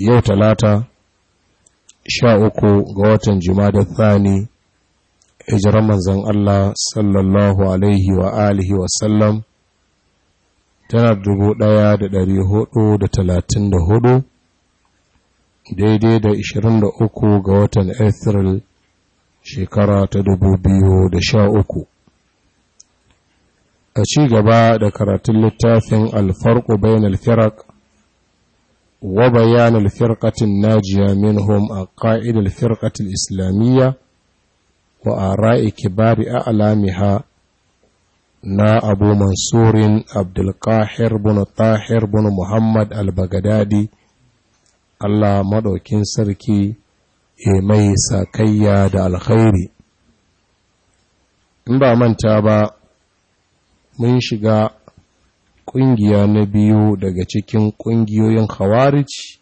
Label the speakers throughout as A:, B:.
A: yau talata sha uku ga watan jimadar thani hijirar manzan Allah sallallahu alaihi wa alihi wasallam tana dubu ɗaya da dari hudu da talatin da hudu daidai da ishirin da uku ga watan Afril shekara ta dubu biyu da sha uku a ci gaba da karatun littafin alfarko bayan alfirak وبيان الفرقة الناجية منهم أقائد الفرقة الإسلامية وآراء كبار أعلامها نا أبو منصور عبد القاهر بن طاهر بن محمد البغدادي الله مدوكين سركي mai sakayya da alkhairi in ba من ba mun shiga ƙungiya na biyu daga cikin ƙungiyoyin hawarici,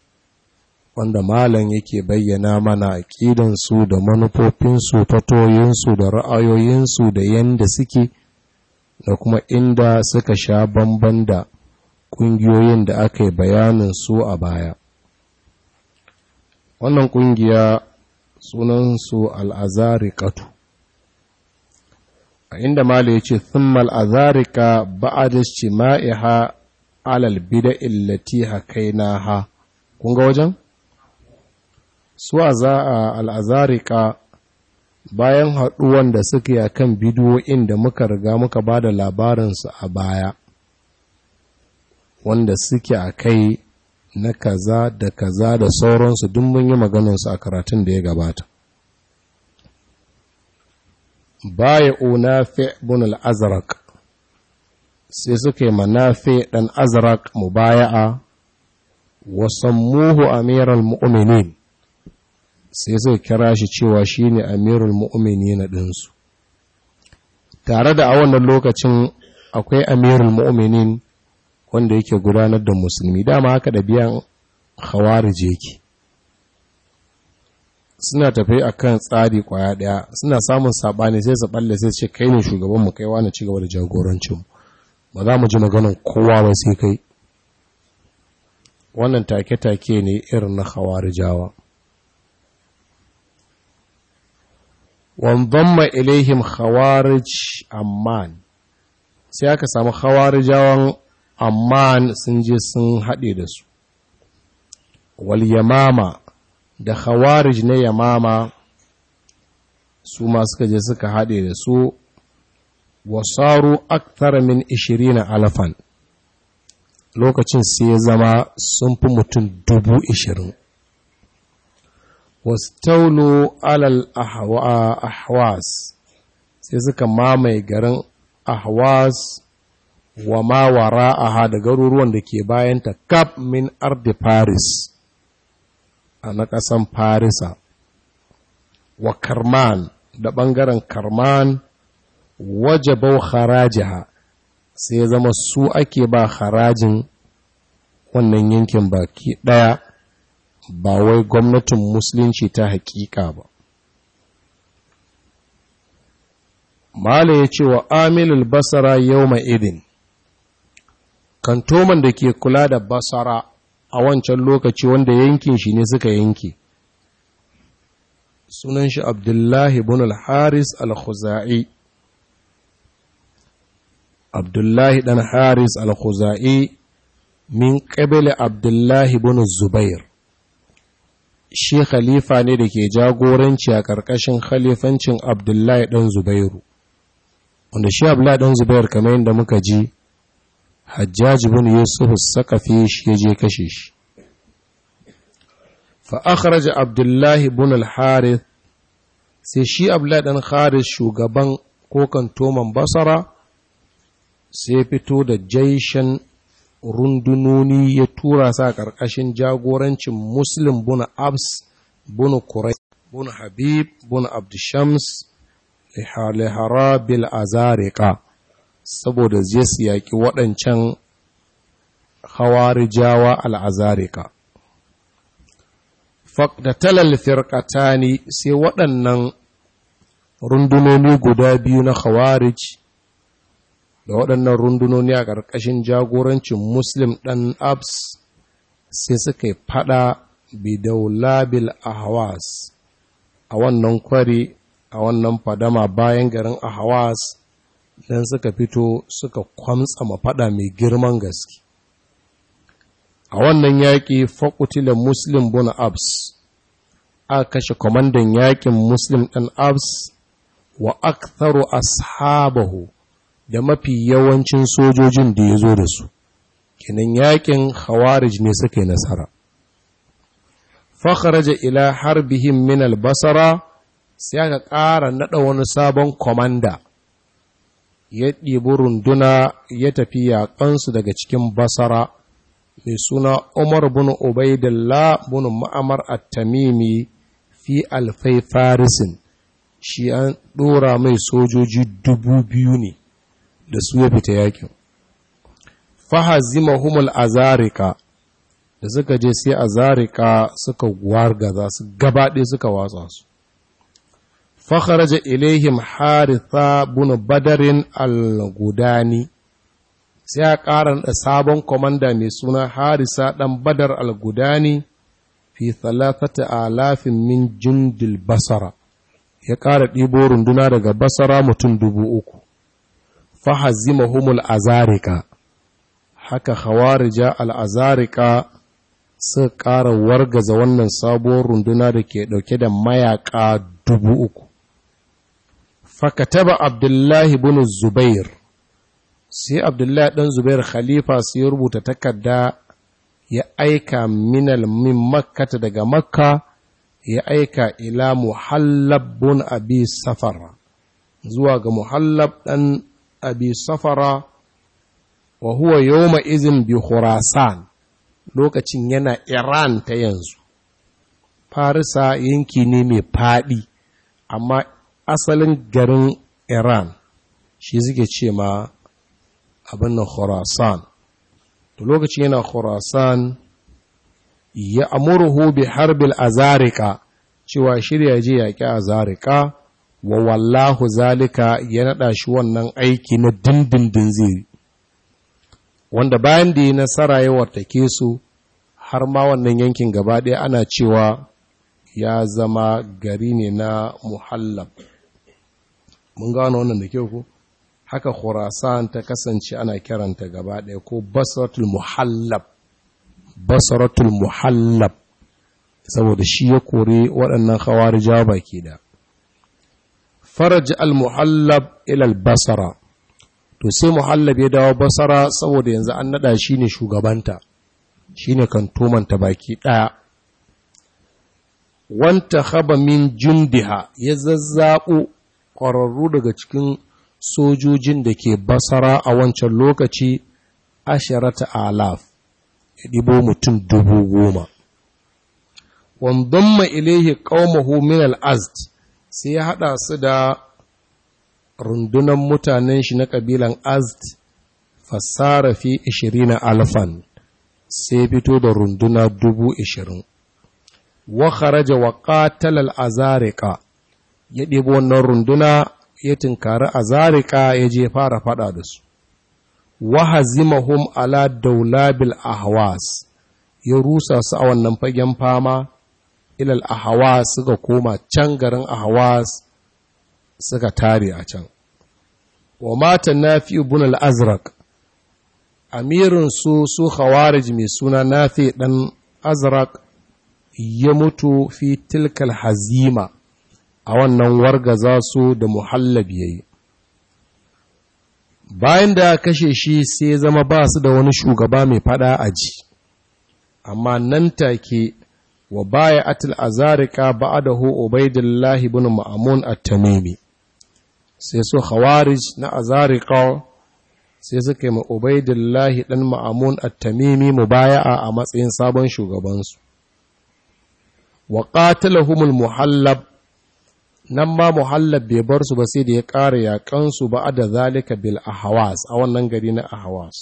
A: wanda malam yake bayyana mana su da manufofinsu fatoyinsu da ra'ayoyinsu da yanda suke da kuma inda suka sha bamban da ƙungiyoyin da aka yi bayaninsu a baya wannan ƙungiya sunansu al'azari katu inda mala ya ce thummal azarika ba'ad istima'iha alal bid'il lati hakainaha kun ga wajen su al azarika bayan haɗuwan da suke a kan bidiyo inda muka riga muka ba da labarinsu a baya wanda suke a kai na kaza da kaza da sauransu duk mun yi su a karatun da ya gabata baya unafi bin al'azarak sai suka yi manafi ɗan azarak mubaya'a sammuhu amiral mu'minin sai suka kira shi cewa shi ne amirul mu'minin ɗinsu tare da a wannan lokacin akwai amirul mu'minin wanda yake gudanar da musulmi dama haka da biyan khawarij yake suna tafe a kan tsari kwaya ɗaya suna samun saɓani sai su balle sai su ce kai ne shugabanmu kai wani cigaba gaba da jagorancinmu ba za mu ji maganin kowa ba sai kai wannan take-take ne irin na wanzan ma ilaihim hawarij amman sai aka samu jawan amman sun je sun haɗe da su wal yamama da khawarij na yamama su ma suka je suka haɗe da su wasaru aktar min 20 alafan lokacin sai ya zama sun fi mutum dubu ishirin taunu alal ahwas sai suka mamaye garin ahwas wa mawara aha da garuruwan da ke bayanta kap min ardi paris na ƙasan farisa wa karman da ɓangaren karman wajabau harajiha sai zama su ake ba harajin wannan yankin baki ɗaya ba wai gwamnatin musulunci ta haƙiƙa ba mala ya ce wa amilul basara yau idin kantoman da ke kula da basara a wancan lokaci wanda yankin shi ne suka yanke sunan shi abdullahi bin al-haris al-khuzai abdullahi dan haris al-khuzai min qabila abdullahi bin zubair shi khalifa ne da ke jagoranci a ƙarƙashin khalifancin abdullahi ɗan zubairu wanda shi abdullahi ɗan zubair kamar yadda muka ji hajjaji bin yusuf sakafi shi ya je kashe shi fa akhraja abdullah ibn al-harith sai shi Abdullahi dan harith shugaban kokan toman basara sai fito da jaishan rundunoni ya tura sa ƙarƙashin jagorancin muslim bin abs bin kurai bin habib bin abdushams lihara bil saboda zai su yaƙi waɗancan hawarijawa al'azarika da talal ne sai waɗannan rundunoni guda biyu na hawarij da waɗannan rundunoni a ƙarƙashin jagorancin muslim ɗan abs sai suka yi faɗa bidaulabil ahawas a wannan kwari a wannan fadama bayan garin ahawas don suka fito suka kwamtsa mafaɗa mai girman gaske a wannan yaƙi faƙutila muslim bin abs a kashe kwamandan yaƙin muslim ɗan abs wa aktharu ashabahu da mafi yawancin sojojin da ya zo da su kinan yaƙin khawarij ne suka yi nasara fakharaja ila harbihim min albasara sai aka ƙara naɗa wani sabon kwamanda ya ɗibi runduna ya tafi yaƙansu daga cikin basara mai suna umar bin ubaidillah bin ma'amar at-tamimi fi alfai farisin shi an ɗora mai sojoji dubu biyu ne da su ya fita yakin fahazima humul a zarika da suka je sai a zarika suka gaza su gabaɗe suka watsa su fakharaja ilaihim haritha bin badarin al'gudani, gudani sai ya ƙara da sabon komanda mai suna harisa ɗan badar al'gudani gudani fi thalathata alafin min jundil basara ya ƙara ɗibo runduna daga basara mutum dubu uku fahazimahumul azarika haka khawarija al-azarika suka ƙara wargaza wannan sabuwar runduna da ke ɗauke da mayaƙa dubu uku fakataba abdullahi bin zubair sai abdullahi ɗan zubair khalifa sai ya rubuta takarda ya aika minal min makkata daga makka ya aika ila muhallabun abi safara zuwa ga muhallab ɗan Abisafara, safara izin bi khurasan lokacin yana iran ta yanzu farisa yanki ne mai faɗi amma asalin garin iran shi suke ce ma abin na khorasan, lokacin yana khorasan ya amurhu bi harbil azarika cewa shirya je yaƙi azarika wa wallahu zalika ya naɗa shi wannan aiki na dindindin zai wanda bayan da yi nasara ya wartake su har ma wannan yankin gaba ɗaya ana cewa ya zama gari ne na muhallab mun gano wannan da ke ko haka khurasan ta kasance ana kiranta gaba ɗaya ko basratul muhallab basratul muhallab saboda shi ya kore waɗannan khawarija ke da faraj al muhallab ila al basra to sai muhallab ya dawo basara saboda yanzu an naɗa shi ne shugabanta shi ne kan kantomanta baki ɗaya wanta haba min jundiha ya zazzaɓo ƙwararru daga cikin sojojin da ke basara a wancan lokaci asharata alaf ya ɗibo mutum dubu goma Wanzan ilaihi qaumahu min al-azd sai ya haɗa su da rundunan mutanen shi na ƙabilan azd fassara fi ishirina alfan sai fito da runduna dubu ishirin. wa kharaja wa qatala al ya ɗebo wannan runduna ya tinkari a zarika ya je fara faɗa da su hum ala daulabil ahwas ya rusa su a wannan fagen fama ilal ahawas suka koma can garin ahawas suka tare a can wa mata nafi ibn al-azraq amirin su su khawarij mai suna nafi dan azraq ya mutu fi tilkal hazima a wannan wargaza su da muhallab ya yi. bayan da kashe shi sai zama ba su da wani shugaba mai fada ji, amma nan take wa baya atil azarika ba'adahu ubaidillah ibn ma'mun at-tamimi sai su khawarij na azarika sai suka yi ma ubaidillah dan ma'mun at-tamimi mubaya'a a matsayin sabon shugabansu wa qatalahumul muhallab nan ma muhallab bai bar su ba sai da ya ƙara su ba a da zalika bil ahawas a wannan gari na ahawas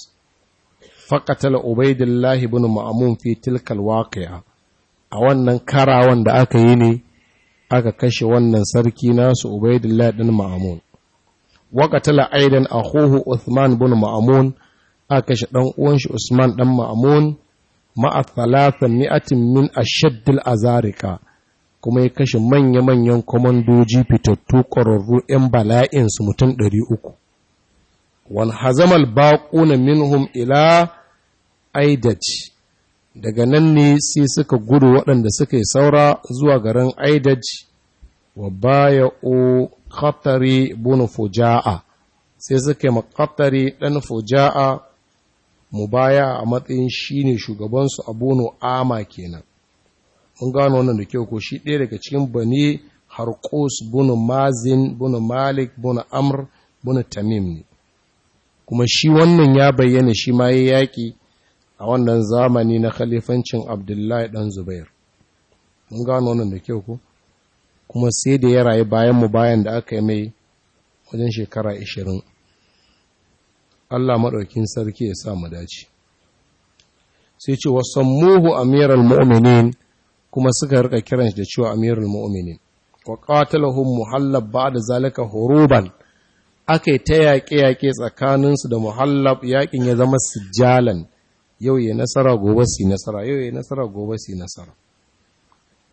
A: faƙatala ubaidillah ibn ma'amun fi tilkal waqi'a a wannan karawan da aka yi ne aka kashe wannan sarki nasu ubaidillah ɗin ma'amun waƙatala aidan akhuhu uthman ibn ma'amun aka kashe ɗan uwan shi usman ɗan ma'amun ma'a thalatha min ashaddil azarika kuma ya kashe manya-manyan kwamandoji fitattu ƙwararru 'yan bala'insu mutum 300 wani hazamal baƙuna minhum ila aidaj daga nan ne sai suka gudu waɗanda suka yi saura zuwa garin aidaj wa baya o ƙatari bunu fuja'a sai suka yi maƙatari ɗan fuja'a mu baya a matsayin shi ne shugabansu a bunu ama kenan mun gano wannan da kyau ko shi ɗaya daga cikin bani harqus bunu mazin bunu malik bunu amr bunu tamim ne kuma shi wannan ya bayyana shi ma ya yaƙi a wannan zamani na khalifancin abdullahi ɗan zubair mun gano wannan da kyau ko kuma sai da ya rayu bayan mu bayan da aka yi mai wajen shekara ashirin Allah maɗaukin sarki ya sa mu dace sai ce wasan muhu amiral mu'minin kuma suka rika kiran shi da cewa amirul mu'minin wa qatalahum muhallab ba'da zalika huruban akai ta yaƙe yaƙe tsakaninsu da muhallab yaƙin ya zama sijalan yau ya nasara gobe si nasara yau ya nasara gobe si nasara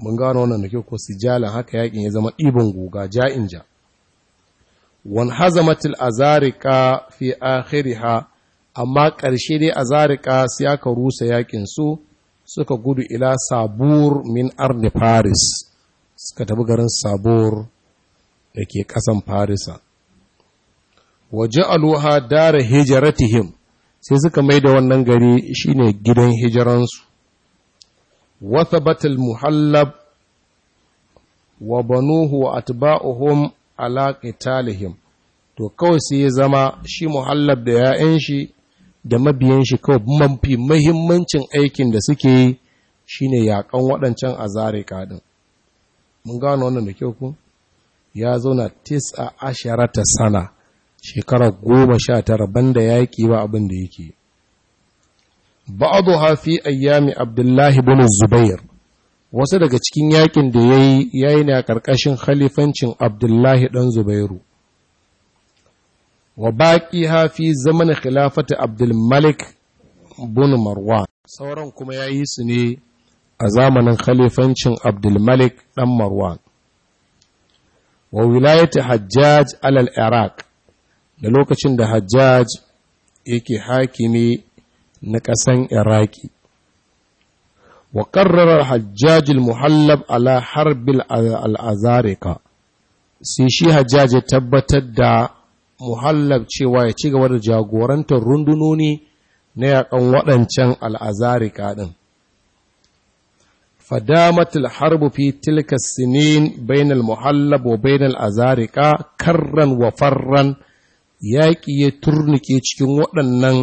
A: mun gano wannan nake ko sijalan haka yaƙin ya zama ibon guga ja'inja ja wan hazamatil azarika fi akhiriha amma ƙarshe dai azarika sai aka rusa yaƙin su suka gudu ila sabur min arni faris suka tabi garin sabur da ke ƙasan farisa waje aluha dara hijaratihim sai suka mai da wannan gari shine gidan hijiransu wata batal muhallab wa banuhu wa atba'uhum ala qitalihim to kawai sai ya zama shi muhallab da 'ya'yan shi da mabiyan shi kawai mafi mahimmancin aikin da suke yi shine yaƙon waɗancan a zare kaɗin mun gano wannan da kyau ku ya zauna tis'a ta sana shekara goma sha tara banda yi wa abin da yake ba'adu hafi ayyami abdullahi bin zubair wasu daga cikin yaƙin da ya yi ya yi a ƙarƙashin khalifancin abdullahi ɗan zubairu wa baƙi hafi zaman khilafata abdulmalik bin marwan sauran kuma ya yi su ne a zamanin khalifancin abdulmalik ɗan marwan wa wilayata hajjaj alal iraq da lokacin da hajjaj yake hakimi na ƙasan iraki wa ƙarrarar hajjajil muhallab ala harbil al'azarika sai shi hajjaj ya tabbatar da muhallab cewa ya ci gaba da jagorantar rundunoni na yakan waɗancan al'azarika ɗin. fadamatul harbu fi tilka sinin bainal muhallab wa bainal azarika karran wa farran yaƙi ya turnike cikin waɗannan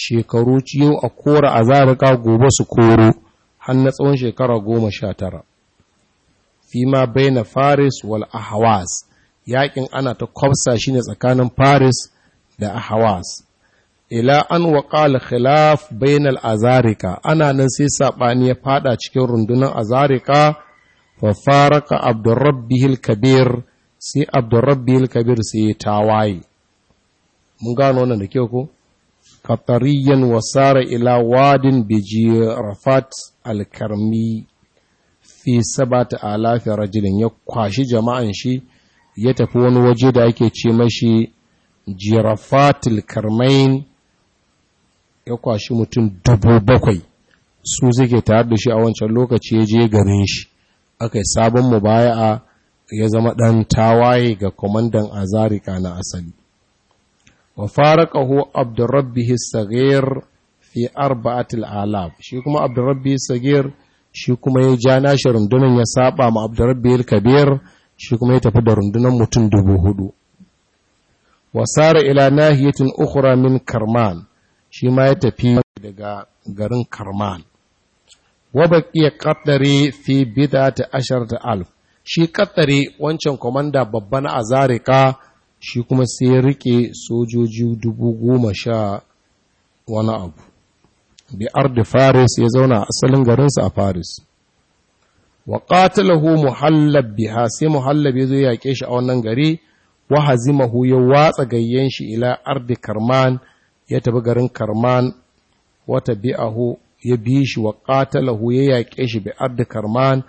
A: shekaru ciyo a kora azarika gobe su koro har na tsawon shekara goma sha tara. fima baina faris wal ahwas yakin ana ta kwafsa shi ne tsakanin Paris da Ahawas. Ila an waƙal khilaf bainal azarika, ana nan sai saɓani ya faɗa cikin rundunar azarika, wa faraka Abdurrabbihil Kabir, sai Abdurrabbihil Kabir sai ya tawaye. Mun gano wannan da ke ko? Katariyan wasara ila wadin biji Rafat al-Karmi fi sabata alafi rajulin ya kwashi jama'an shi ya tafi wani waje da ake ce mashi jirafatul karmain ya kwashi mutum dubu bakwai su suke tare da shi a wancan lokaci ya je garin shi aka yi sabon a ya zama ɗan tawaye ga kwamandan azarika na asali wa faraqahu abdurrabbihi sagir fi arba'atil alaf shi kuma abdurrabbihi sagir shi kuma ya ja nashi rundunar ya saba ma abdurrabbihi kabir shi kuma ya tafi da rundunar mutum dubu hudu wasara ila nahiyatin ukhra min karman shi ma ya tafi daga garin karman wabaƙiya ƙaddare fi bida ta ashar da alf shi ƙaddare wancan kwamanda babban a zarika shi kuma sai ya rike sojoji dubu goma sha wani abu bi ardi faris ya zauna asalin garinsa a faris wa qatalahu muhallab biha sai muhallab yazo ya yake shi a wannan gari wa hazimahu ya watsa gayyen shi ila ardi karman ya tafi garin karman wata bi'ahu ya bi shi wa qatalahu ya yake shi bi ardi karman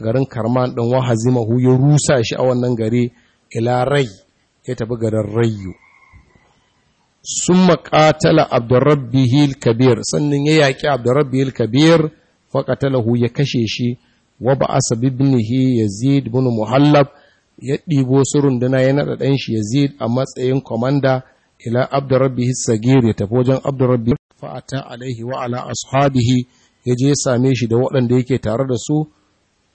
A: garin karman din wa hazimahu ya rusa shi a wannan gari ila rai ya tafi garin rayu summa qatala abdurrabbihil kabir sannan ya yaki abdurrabbihil kabir fa qatalahu ya kashe shi wa ba asa bibnihi yazid bin muhallab ya ɗibo su runduna ya naɗa ɗan shi yazid a matsayin komanda ila abdurrabbihi sagir ya tafi wajen abdurrabbi fa'ata alaihi wa ala ashabihi ya je same shi da waɗanda yake tare da su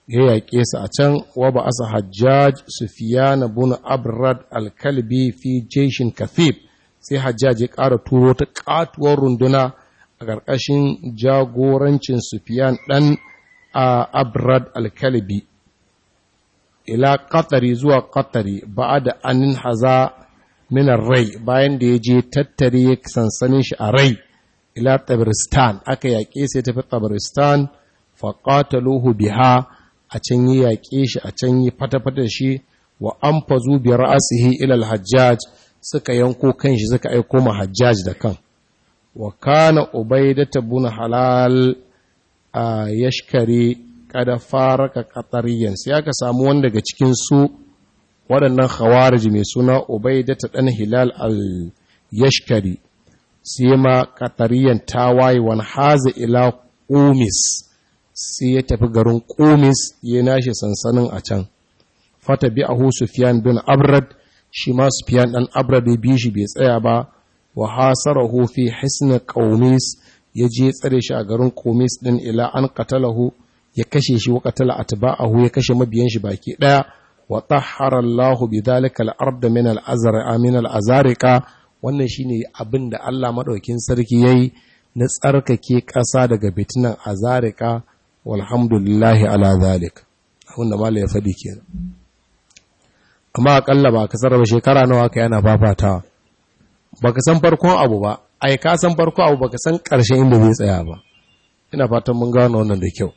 A: ya yaƙe su a can wa ba asa hajjaj sufiyan bin abrad alkalbi fi jeshin kathib sai hajjaj ya ƙara turo ta ƙatuwar runduna a ƙarƙashin jagorancin sufiyan ɗan abrad alkalibi ila qatari zuwa qatari ba'a anin haza min rai bayan da ya je tattare sansanin shi a rai ila tabristan aka yaƙe sai tafi tabristan faqataluhu biha a can yi yaƙe shi a can yi fata-fata shi wa an fazu bi ra'asihi ila al-hajjaj suka yanko kanshi suka aiko ma hajjaj da kan wa kana ubaidatu bin halal a yashkare kada faraka katariyan sai aka samu wani daga cikin su waɗannan khawarij mai suna ta ɗan hilal al yashkari sai ma ta waye wan haza ila qumis sai ya tafi garin qumis ya nashi sansanin a can fata bi ahu sufyan bin abrad shi ma sufyan dan abrad bai bi shi bai tsaya ba wa hasarahu fi hisna ya je tsare shi a garin komis din ila an qatalahu ya kashe shi wa qatala atba'ahu ya kashe mabiyan shi baki daya wa tahhara Allahu bidhalika al-ard min al-azra min al-azariqa wannan shine abin da Allah madaukin sarki yayi na tsarkake ƙasa daga fitinan azarika walhamdulillahi ala zalik abin da malai ya faɗi kenan amma akalla ba ka sarrafa shekara nawa ka yana fafatawa ba ka san farkon abu ba A yi kasan, farko abu baka san ƙarshen inda zai tsaya ba ina fatan mun gano wannan da kyau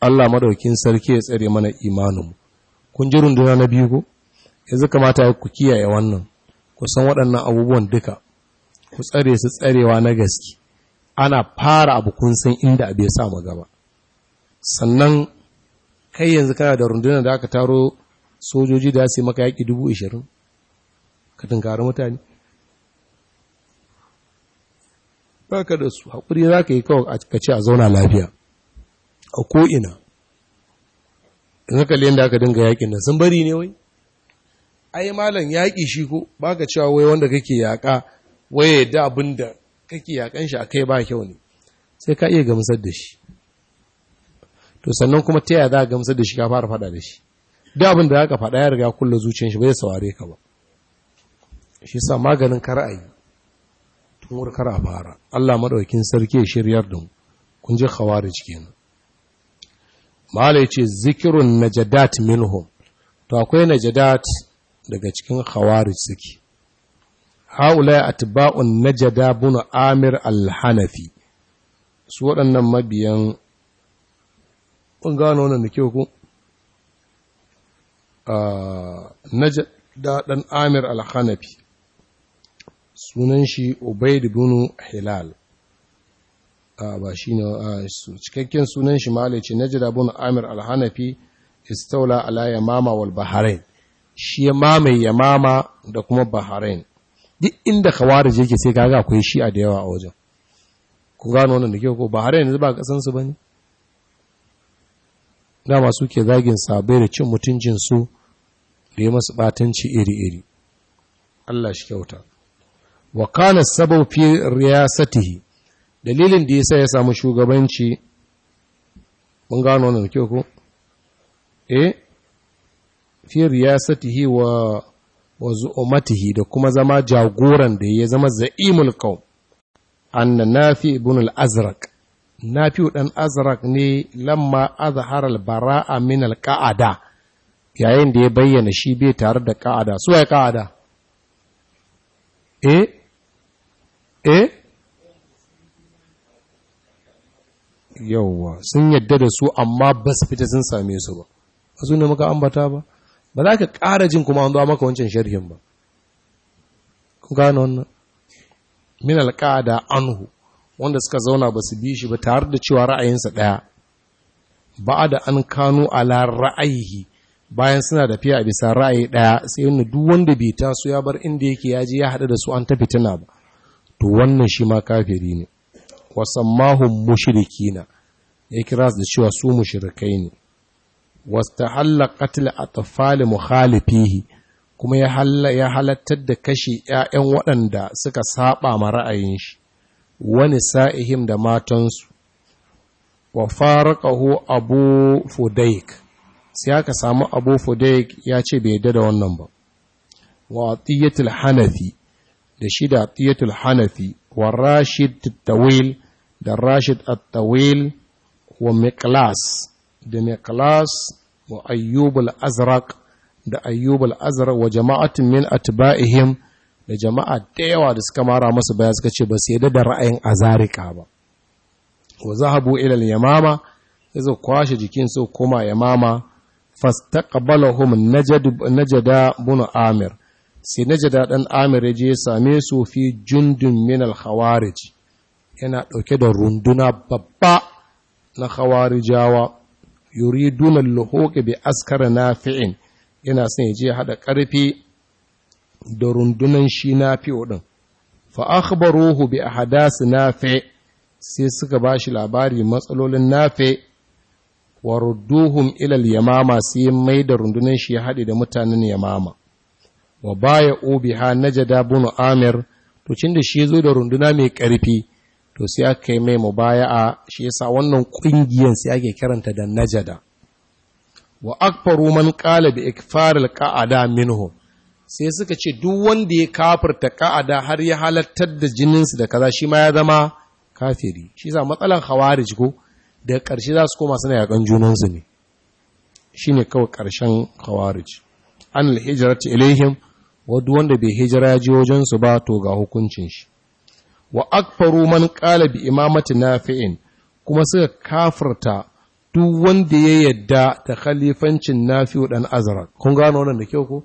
A: Allah madaukin sarki ya tsare mana imanin kun ji runduna na biyu ko yanzu kamata ku kiyaye wannan ku san waɗannan abubuwan duka ku tsare su tsarewa na gaske ana fara abu kun san inda abu ya samu gaba sannan kai yanzu kana da runduna da aka taro sojoji da su yi maka yaƙi dubu ashirin ka tunkari mutane ba ka da su haƙuri za ka yi kawai a ce a zauna lafiya a ko'ina in haka liyan da aka dinga yaƙin nan sun bari ne wai ai malam yaƙi shi ko ba ka cewa wai wanda kake yaƙa waye da abin da kake yaƙan shi a kai ba kyau ne sai ka iya gamsar da shi to sannan kuma ta yaya za ka gamsar da shi ka fara faɗa da shi da abin da za ka faɗa ya riga kulla zuciyar shi bai saware ka ba shi sa maganin kar'ayi tun warkar a fara Allah maɗaukin sarki ya shiryar da kun je khawarij kenan mala yace zikirun najadat minhum to akwai najadat daga cikin khawarij suke haula atba'un najada bin amir al-hanafi su waɗannan mabiyan kun gano wannan da kyau ku ah, najada dan amir al-hanafi sunan shi obaid bin hilal a ba shi ne cikakken sunan shi na jira bin amir alhanafi istaula ala yamama wal bahrain shi ya mamaye yamama da kuma bahrain duk inda khawarij yake sai kaga akwai a da yawa a wajen ku gano wannan da ke ko bahrain yanzu ba kasan su bane dama ke zagin sabai da cin mutuncin su da ya masu batanci iri-iri Allah shi kyauta wa kana sabau fi riyasatihi dalilin da yasa ya samu shugabanci mun gano wannan kyau ko eh fi riyasatihi wa wa zu'umatihi da kuma zama jagoran da ya zama za'imul qaum anna nafi ibn al-azraq nafi dan azraq ne lamma azhara al-bara'a min al-qa'ada yayin da ya bayyana shi bai tare da ka'ada su ya ka'ada eh eh yawwa sun yadda da su amma ba su fita sun same su ba a su ne muka ambata ba ba za ka ƙara jin kuma an maka wancan sharhin ba ku gano wannan min alƙada anhu wanda suka zauna ba su bi shi ba tare da cewa ra'ayinsa ɗaya ba da an kano ala ra'ayi bayan suna da fiye a bisa ra'ayi ɗaya sai yin duk wanda bai taso ya bar inda yake ya je ya haɗu da su an ta fitina ba to wannan shi ma kafiri ne wasammahum na ya kira su da cewa su mushrikai ne Wasu wastahalla qatl atfal mukhalifihi kuma ya halattar da kashe ‘ya'yan waɗanda suka saba ma ra'ayin shi, wani sa'ihim da matansu, wa farakahu abu fudaik, sai aka samu abu fudaik ya ce bai yadda da wannan ba, wa tsiyatul hanafi da shi da atiyatul hanafi wa rashid Tattawil da rashid at wa Miklas da Miklas wa ayyub azraq da ayyub azraq wa jama'atin min atba'ihim da jama'a da yawa da suka mara masa baya suka ce ba su yadda da ra'ayin azarika ba wa zahabu ila yamama sai kwashe jikin su koma yamama fastaqbalahum najad najada bin amir sai na dan amir ya je same su fi jundun minal al yana ɗauke da runduna babba na khawarijawa yuriduna al-luhuq bi na nafi'in yana son ya je haɗa karfi da rundunan shi nafi'o din fa akhbaruhu bi ahdas nafi' sai suka bashi labari matsalolin nafi' wa rudduhum ilal yamama sai mai da rundunan shi ya haɗi da mutanen yamama wa baya obiha najada bunu amir to cin da shi zo da runduna mai karfi to sai aka yi mai mubaya'a shi yasa wannan kungiyan sai ake karanta da najada wa akfaru man qala bi al qa'ada minhu sai suka ce duk wanda ya kafirta ka'ada har ya halattar da jinin su da kaza shi ma ya zama kafiri shi za matsalan khawarij ko da ƙarshe za su koma suna yakan junansu ne shine kawai karshen khawarij an hijrat ilaihim wadu wanda bai hijira ya ji wajensu ba to ga hukuncin shi wa akfaru man qala bi imamati nafi'in kuma suka kafirta duk wanda ya yadda ta khalifancin nafi'u dan azraq kun gano wannan da kyau ko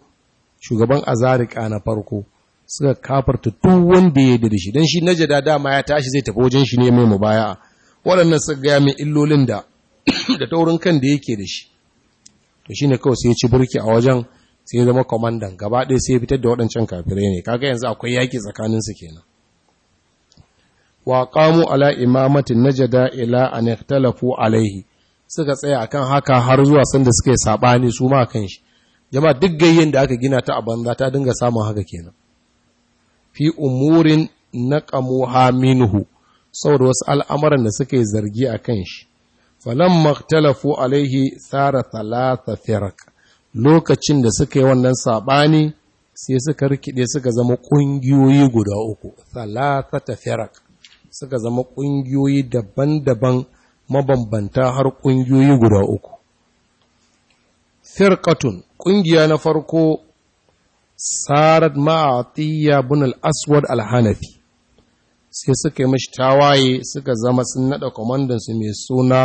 A: shugaban azarika na farko suka kafirta duk wanda ya yadda da shi dan shi najada dama ya tashi zai tafi wajen shi ne mai mubaya'a waɗannan suka ga mai illolin da da taurin kan da yake da shi to shine kawai sai ya ci burki a wajen sai zama kwamandan gaba ɗaya sai fitar da waɗancan kafirai ne kaga yanzu akwai yaƙi tsakaninsu kenan wa qamu ala imamatin najada ila an ikhtalafu alaihi suka tsaya akan haka har zuwa sanda suka yi saɓani su ma kan shi jama'a duk gayyen da aka gina ta a banza ta dinga samun haka kenan fi umurin naqamuha minhu saboda wasu al'amuran da suka yi zargi a kan shi falamma ikhtalafu alaihi sara thalatha firaka lokacin da suka yi wannan saɓani sai suka rikide suka zama ƙungiyoyi guda uku talatata firak suka zama ƙungiyoyi daban-daban mabambanta har ƙungiyoyi guda uku firqatun ƙungiya na farko sarat ma'atiyya bin al-aswad al-hanafi sai suka yi mashi tawaye suka zama sun naɗa kwamandansu mai suna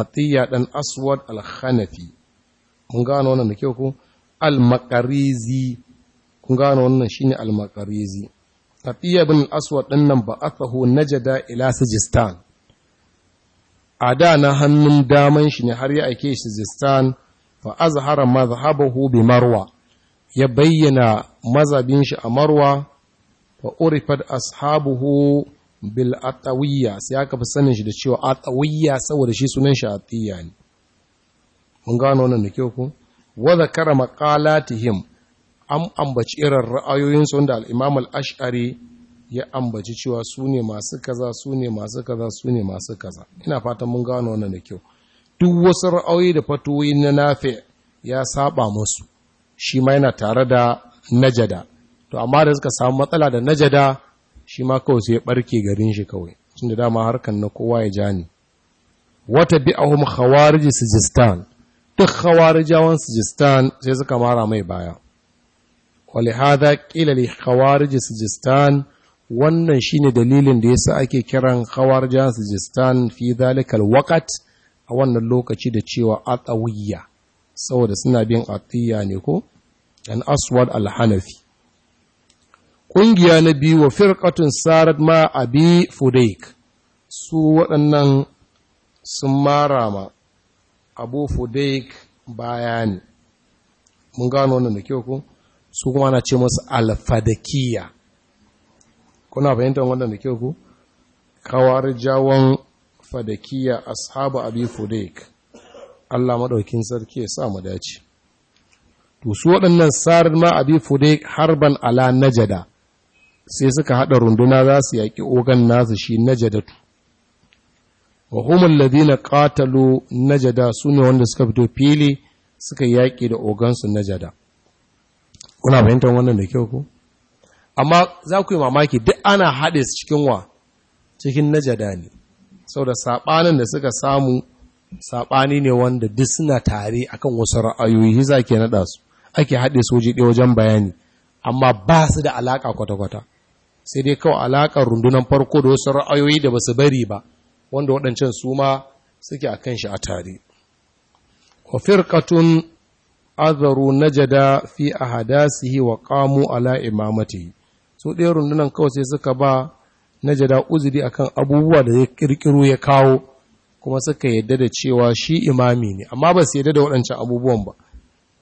A: atiyya ɗan aswad al-hanafi Kun gano wannan da kyau ko al-maqarizi kun gano wannan shine al-maqarizi Tafiya bin al-Aswad din nan ba'athahu najada ila Sijistan a da na hannun daman shi ne har ya aike shi Sijistan fa azhara madhhabahu bi Marwa ya bayyana mazabin shi a Marwa fa urifat ashabuhu bil atawiyya sai aka fi sanin shi da cewa atawiyya saboda shi sunan shi atiyya ne mun gano wannan da kyau ku wa zakara maqalatihim an ambaci irin ra'ayoyinsu wanda al-Imam al-Ash'ari ya ambaci cewa su ne masu kaza su ne masu kaza su ne masu kaza ina fatan mun gano wannan da kyau duk wasu ra'ayoyi da fatoyi na nafi ya saba musu shi ma yana tare da najada to amma da suka samu matsala da najada shi ma kawai sai ya barke garin shi kawai tunda dama harkan na kowa ya ja ni wata bi'ahum khawarij sijistan duk khawarijawan sijistan sai suka mara mai baya walihada ƙilal li khawarijin sijistan wannan ne dalilin da yasa ake kiran khawarijawan sijistan fi zalikal wakat a wannan lokaci da cewa atawiyya saboda suna bin atiyya ne ko an aswad alhanafi ƙungiya na biyu wa firƙatun sarad ma abi fudaik su waɗannan sun mara ma abu fudaik bayani mun gano wannan da kyau ku su kuma na ce masu alfadakiya kuna fahimtar wannan da kyau ku kawar jawon fadakiya ashabu abi fudaik Allah maɗaukin sarki ya sa mu dace to su waɗannan sarin ma abi fudaik harban ala najada sai suka haɗa runduna za su yaƙi ogan nasu shi najadatu wa humul ladina qatalu najada sune wanda suka fito fili suka yaki da ogansu najada kuna fahimtar wannan da kyau ko amma za ku yi mamaki duk ana haɗe su cikin wa cikin najada ne saboda saɓanin da suka samu saɓani ne wanda duk suna tare akan wasu ra'ayoyi za ke naɗa su ake haɗe soji ɗaya wajen bayani amma ba su da alaƙa kwata-kwata sai dai kawai alaƙar rundunar farko da wasu ra'ayoyi da ba su bari ba wanda waɗancan su ma suke a kan shi a tare wa firƙatun azaru najada fi yi wa ƙamu ala imamati su ɗaya rundunan kawai sai suka ba najada uzuri a kan abubuwa da ya kirkiro ya kawo kuma suka yadda da cewa shi imami ne amma ba su yadda da waɗancan abubuwan ba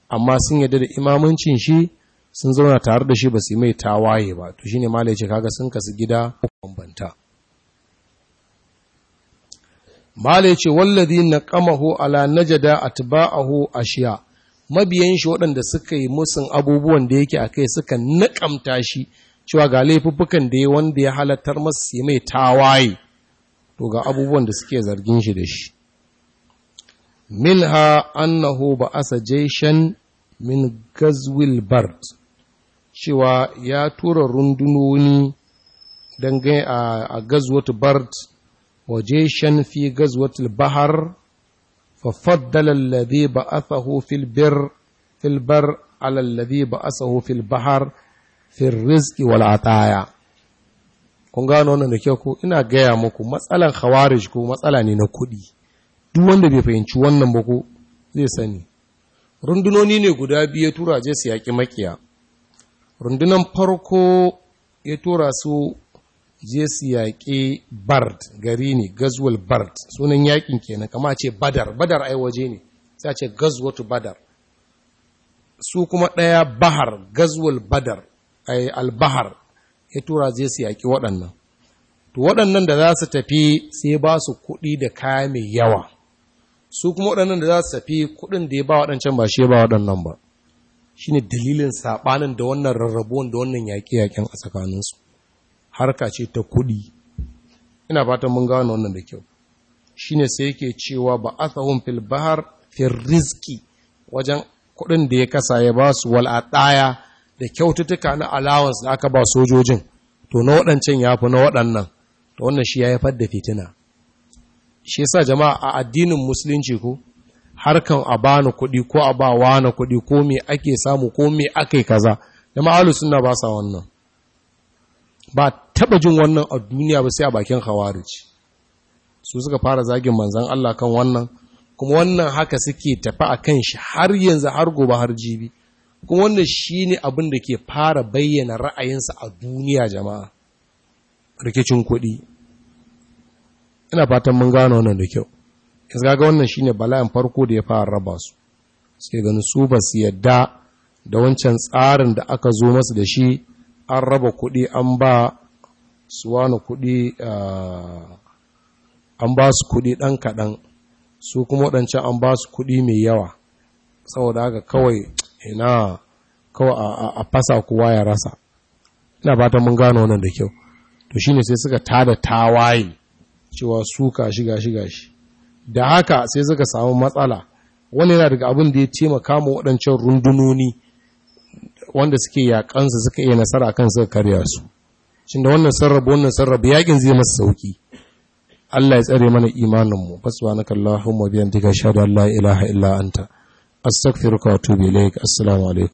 A: amma sun yadda da imamancin shi sun zauna tare da shi ba su yi mai tawaye ba to shi ne ce kaga sun kasu gida bambanta mala ya ce wallazi na ƙamahu ala najada a ashiya mabiyan shi waɗanda suka yi musun abubuwan da yake a kai suka naƙamta shi cewa ga laifuffukan da ya wanda ya halattar masu mai tawaye to ga abubuwan da suke zargin shi da shi minha annahu ba asa shan min gazwil bard cewa ya tura rundunoni dangane a gazwatu bard وجيشا في غزوة البحر ففضل الذي بعثه في البر في البر على الذي بعثه في البحر في الرزق والعطايا kun gano wannan da kyau ko ina gaya muku matsalan khawarij ko matsala ne na kuɗi duk wanda bai fahimci wannan ba ko zai sani rundunoni ne guda biyu ya tura je su yaƙi makiya rundunan farko ya tura su je su yaƙi bard gari ne gazwal bard sunan yaƙin kenan kama ce badar badar ai waje ne sai a ce gazwatu badar su kuma ɗaya bahar gazwal badar ai albahar ya tura je su yaƙi waɗannan to waɗannan da za su tafi sai ba su kuɗi da kaya mai yawa su kuma waɗannan da za su tafi kuɗin da ya ba waɗancan ba shi ya ba waɗannan ba shine dalilin saɓanin da wannan rarrabuwan da wannan yaƙe-yaƙen a tsakaninsu harka ce ta kuɗi ina fatan mun gano wannan da kyau shine sai yake cewa ba athahum fil bahr fi rizqi wajen kuɗin da ya kasa ya ba su wal ataya da kyaututtuka na allowance da aka ba sojojin to na waɗancan ya fi na waɗannan to wannan shi ya haifar da fitina shi yasa jama'a a addinin musulunci ko harkan a bani kuɗi ko a ba wani kuɗi ko me ake samu ko me ake kaza jama'a ahlus sunna ba sa wannan ba taba jin wannan a duniya ba sai a bakin khawarij su suka fara zagin manzan Allah kan wannan kuma wannan haka suke tafi a kan shi har yanzu har gobe har jibi kuma wannan shine abin da ke fara bayyana ra'ayinsa a duniya jama'a rikicin kuɗi ina fatan mun gane wannan da kyau yanzu ga wannan shi ne bala'in farko da ya fara raba su sai ganin su ba su yadda da wancan tsarin da aka zo masu da shi an raba kuɗi an ba wani kuɗi an ba su kuɗi ɗan kaɗan su kuma waɗancan an ba su kuɗi mai yawa saboda haka kawai ina kawai a fasa kowa ya rasa ina fata mun gano wannan da kyau to shine sai suka tada tawaye cewa su shiga gashi gashi da haka sai suka samu matsala wani yana daga abin da ya taimaka waɗancan rundunoni wanda suke yaƙansa suka iya nasara kan suka karya su shin da wannan sarrabu wannan sarrafa yakin zai masa sauki Allah ya tsare mana imaninmu fasbanaka Allahumma bihamdika shahadu an la ilaha illa anta astaghfiruka wa atubu ilaik assalamu alaikum